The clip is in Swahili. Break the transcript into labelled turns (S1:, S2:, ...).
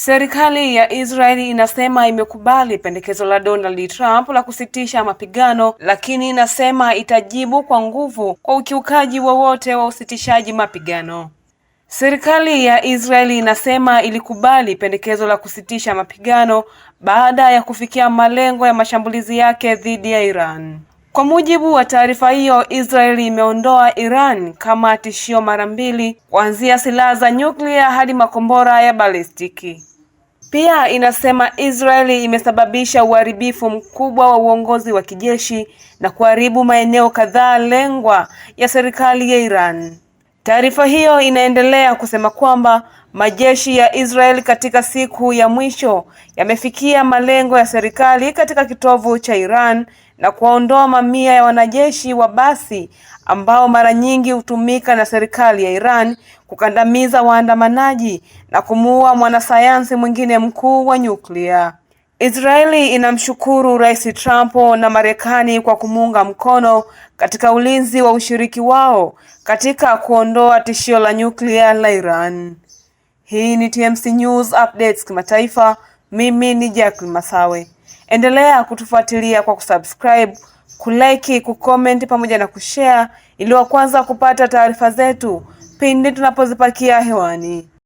S1: Serikali ya Israeli inasema imekubali pendekezo la Donald Trump la kusitisha mapigano, lakini inasema itajibu kwa nguvu kwa ukiukaji wowote wa, wa usitishaji mapigano. Serikali ya Israeli inasema ilikubali pendekezo la kusitisha mapigano baada ya kufikia malengo ya mashambulizi yake dhidi ya Iran. Kwa mujibu wa taarifa hiyo, Israeli imeondoa Iran kama tishio mara mbili, kuanzia silaha za nyuklia hadi makombora ya balistiki. Pia inasema Israeli imesababisha uharibifu mkubwa wa uongozi wa kijeshi na kuharibu maeneo kadhaa lengwa ya serikali ya Iran. Taarifa hiyo inaendelea kusema kwamba majeshi ya Israel katika siku ya mwisho yamefikia malengo ya serikali katika kitovu cha Iran na kuwaondoa mamia ya wanajeshi wa basi ambao mara nyingi hutumika na serikali ya Iran kukandamiza waandamanaji na kumuua mwanasayansi mwingine mkuu wa nyuklia. Israeli inamshukuru Rais Trump na Marekani kwa kumuunga mkono katika ulinzi wa ushiriki wao katika kuondoa tishio la nyuklia la Iran. Hii ni TMC News Updates kimataifa. Mimi ni Jacqueline Masawe. Endelea kutufuatilia kwa kusubscribe, kulike, kucomment pamoja na kushare ili wa kwanza kupata taarifa zetu pindi tunapozipakia hewani.